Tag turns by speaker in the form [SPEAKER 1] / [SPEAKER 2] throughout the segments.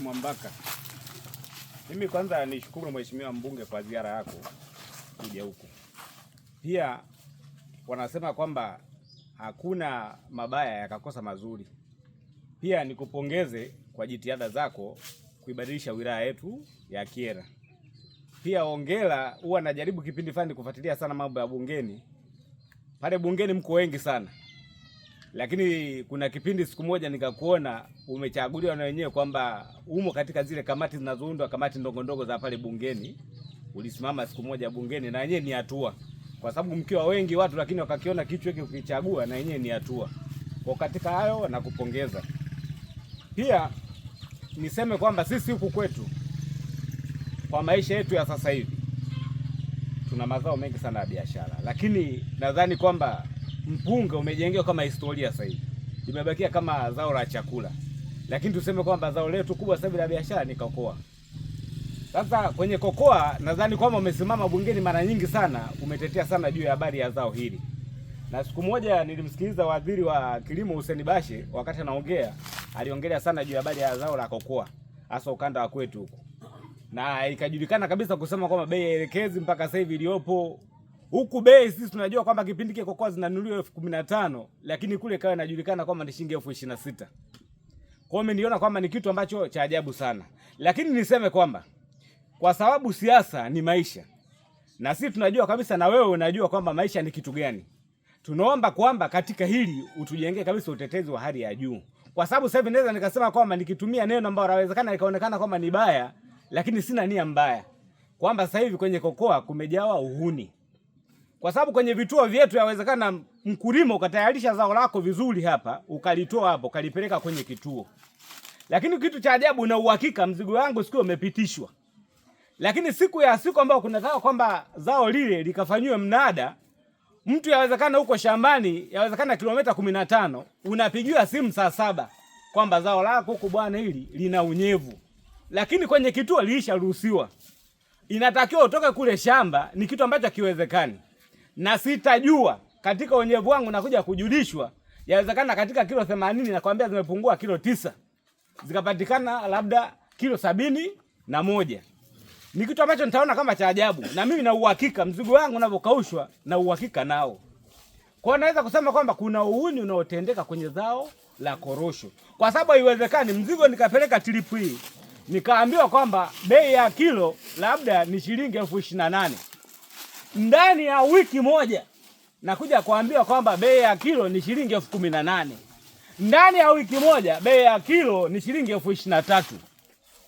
[SPEAKER 1] Mwanamke Mwambaka, mimi kwanza nishukuru mheshimiwa mbunge kwa ziara yako kuja huku. Pia wanasema kwamba hakuna mabaya yakakosa mazuri. Pia nikupongeze kwa jitihada zako kuibadilisha wilaya yetu ya Kyela. Pia ongera, huwa najaribu kipindi fulani kufuatilia sana mambo ya bungeni. Pale bungeni mko wengi sana lakini kuna kipindi siku moja nikakuona umechaguliwa na wenyewe kwamba umo katika zile kamati zinazoundwa, kamati ndogo ndogo za pale bungeni. Ulisimama siku moja bungeni, na wenyewe ni hatua, kwa sababu mkiwa wengi watu, lakini wakakiona kichwa hiki ukichagua, na wenyewe ni hatua. Kwa katika hayo nakupongeza. Pia niseme kwamba sisi huku kwetu kwa maisha yetu ya sasa hivi tuna mazao mengi sana ya biashara, lakini nadhani kwamba mpunga umejengewa kama historia sasa hivi, limebakia kama zao la chakula, lakini tuseme kwamba zao letu kubwa sasa hivi la biashara ni kokoa. Sasa kwenye kokoa, nadhani kwamba umesimama bungeni mara nyingi sana, umetetea sana juu ya habari ya zao hili, na siku moja nilimsikiliza waziri wa kilimo Hussein Bashe, wakati anaongea aliongelea sana juu ya habari ya zao la kokoa, hasa ukanda wa kwetu huko, na ikajulikana kabisa kusema kwamba bei elekezi mpaka sasa hivi iliyopo huku bei sisi tunajua kwamba kipindi kile kokoa zinanunuliwa elfu kumi na tano lakini kule kawa inajulikana kwamba ni shilingi elfu ishirini na sita Kwa hiyo niliona kwamba ni kitu ambacho cha ajabu sana, lakini niseme kwamba kwa sababu siasa ni maisha, na sisi tunajua kabisa, na wewe unajua kwamba maisha ni kitu gani. Tunaomba kwamba katika hili utujengee kabisa utetezi wa hali ya juu, kwa sababu sasa hivi naweza nikasema kwamba nikitumia neno ambalo inawezekana likaonekana kwamba ni baya, lakini sina nia mbaya, kwamba sasa hivi kwenye kokoa kumejawa uhuni kwa sababu kwenye vituo vyetu yawezekana mkulima ukatayarisha zao lako vizuri hapa, ukalitoa hapo ukalipeleka kwenye kituo, lakini kitu cha ajabu na uhakika, mzigo wangu siku umepitishwa, lakini siku ya siku ambayo kunataka kwamba zao lile likafanyiwe mnada, mtu yawezekana huko shambani, yawezekana kilomita 15 unapigiwa simu saa saba kwamba zao lako huko bwana, hili lina unyevu, lakini kwenye kituo liisha ruhusiwa, inatakiwa utoke kule shamba. Ni kitu ambacho kiwezekani na sitajua katika wenyevu wangu nakuja kujulishwa, yawezekana katika kilo themanini nakwambia zimepungua kilo tisa zikapatikana labda kilo sabini na moja. Ni kitu ambacho nitaona kama cha ajabu, na mimi na uhakika mzigo wangu unavyokaushwa na uhakika nao. Kwa hiyo naweza kusema kwamba kuna uhuni unaotendeka kwenye zao la korosho, kwa sababu haiwezekani mzigo nikapeleka trip hii nikaambiwa kwamba bei ya kilo labda ni shilingi elfu ishirini na nane ndani ya wiki moja nakuja kuambiwa kwamba bei ya kilo ni shilingi elfu kumi na nane ndani ya wiki moja bei ya kilo ni shilingi elfu ishirini na tatu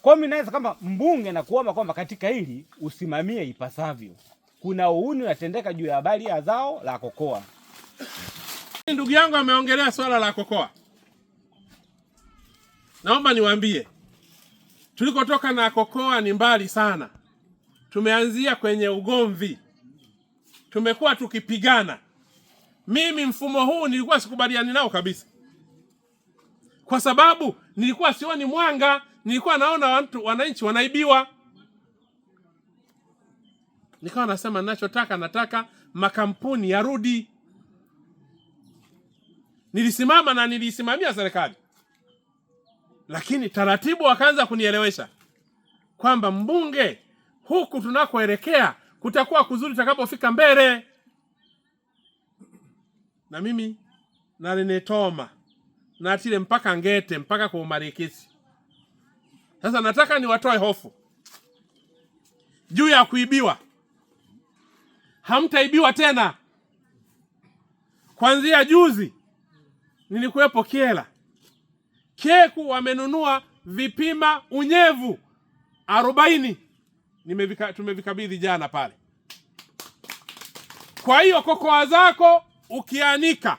[SPEAKER 1] Kwa mimi naweza kama mbunge na kuomba kwamba katika hili usimamie ipasavyo. Kuna uhuni unatendeka juu ya habari ya zao la kokoa.
[SPEAKER 2] Ndugu yangu ameongelea swala la kokoa, naomba niwaambie tulikotoka na kokoa ni mbali sana. Tumeanzia kwenye ugomvi tumekuwa tukipigana. Mimi mfumo huu nilikuwa sikubaliani nao kabisa, kwa sababu nilikuwa sioni mwanga, nilikuwa naona watu wananchi wanaibiwa. Nikawa nasema ninachotaka, nataka makampuni yarudi. Nilisimama na nilisimamia serikali, lakini taratibu wakaanza kunielewesha kwamba mbunge, huku tunakoelekea kutakuwa kuzuri utakapofika mbele. Na mimi nalinitoma natile mpaka ngete mpaka kwa umarikisi. Sasa nataka niwatoe hofu juu ya kuibiwa. Hamtaibiwa tena. Kwanzia juzi nilikuwepo kiela Kyeku wamenunua vipima unyevu arobaini nimevika, tumevikabidhi jana pale. Kwa hiyo kokoa zako ukianika,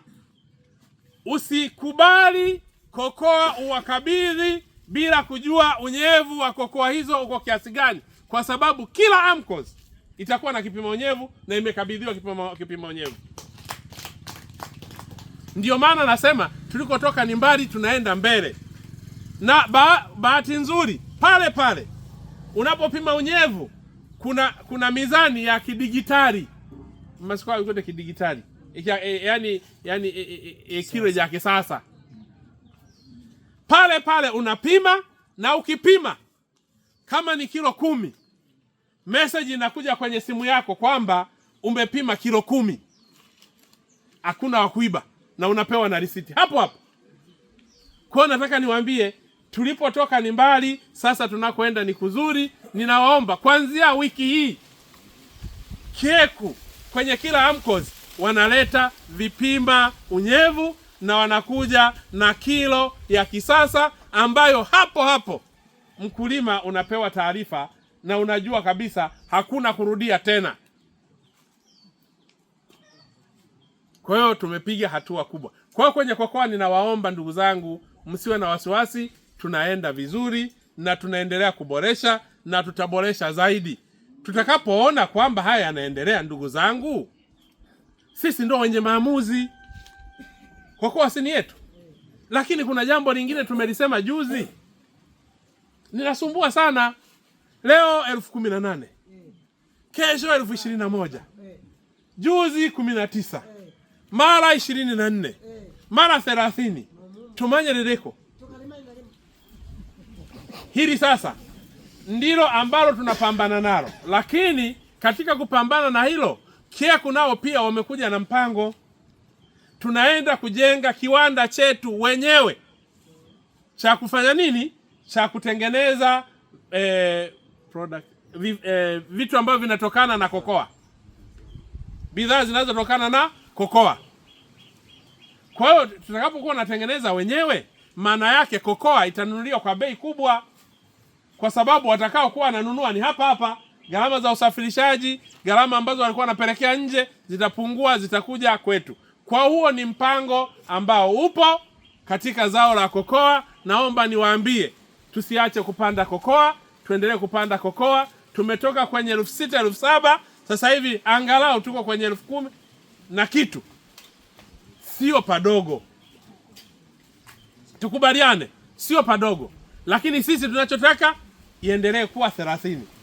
[SPEAKER 2] usikubali kokoa uwakabidhi bila kujua unyevu wa kokoa hizo uko kiasi gani, kwa sababu kila AMCOS itakuwa na kipima unyevu na imekabidhiwa kipima, kipima unyevu. Ndio maana nasema tulikotoka ni mbali, tunaenda mbele, na bahati nzuri pale pale Unapopima unyevu kuna kuna mizani ya kidigitali masuala kidigitali, e, yani yani e, e, kile ya kisasa. Pale pale unapima na ukipima kama ni kilo kumi, message inakuja kwenye simu yako kwamba umepima kilo kumi, hakuna wakuiba na unapewa na risiti hapo hapo. Kwa nataka niwaambie Tulipotoka ni mbali, sasa tunakoenda ni kuzuri. Ninawaomba kuanzia wiki hii Kyeku kwenye kila AMCOS wanaleta vipimba unyevu na wanakuja na kilo ya kisasa ambayo hapo hapo mkulima unapewa taarifa na unajua kabisa hakuna kurudia tena. Kwa hiyo tumepiga hatua kubwa. Kwa hiyo kwenye kokoa, ninawaomba ndugu zangu, msiwe na wasiwasi tunaenda vizuri na tunaendelea kuboresha na tutaboresha zaidi. Tutakapoona kwamba haya yanaendelea, ndugu zangu, sisi ndo wenye maamuzi kwa kuwa si yetu. Lakini kuna jambo lingine tumelisema juzi, ninasumbua sana leo elfu kumi na nane kesho elfu ishirini na moja juzi kumi na tisa mara ishirini na nne mara thelathini tumanye liliko Hili sasa ndilo ambalo tunapambana nalo, lakini katika kupambana na hilo KEACU nao pia wamekuja na mpango. Tunaenda kujenga kiwanda chetu wenyewe cha kufanya nini, cha kutengeneza eh, product, eh, vitu ambavyo vinatokana na kokoa, bidhaa zinazotokana na kokoa. Kwa hiyo tutakapokuwa natengeneza wenyewe, maana yake kokoa itanunuliwa kwa bei kubwa kwa sababu watakao kuwa wananunua ni hapa hapa. Gharama za usafirishaji, gharama ambazo walikuwa wanapelekea nje zitapungua, zitakuja kwetu. Kwa huo ni mpango ambao upo katika zao la kokoa. Naomba niwaambie, tusiache kupanda kokoa, tuendelee kupanda kokoa. Tumetoka kwenye elfu sita elfu saba sasa hivi angalau tuko kwenye elfu kumi na kitu, sio padogo. Tukubaliane, sio padogo, lakini sisi tunachotaka iendelee kuwa thelathini.